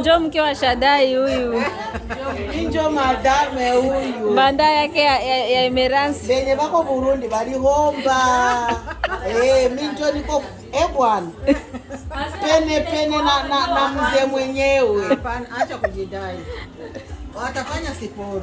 njo, mke wa Shadai huyu, njo madame huyu, banda yake ya Emerance venye vako Burundi valihomba njo niko e bwana pene pene na, na, na mzee mwenyewe acha kujidai watafanya siporo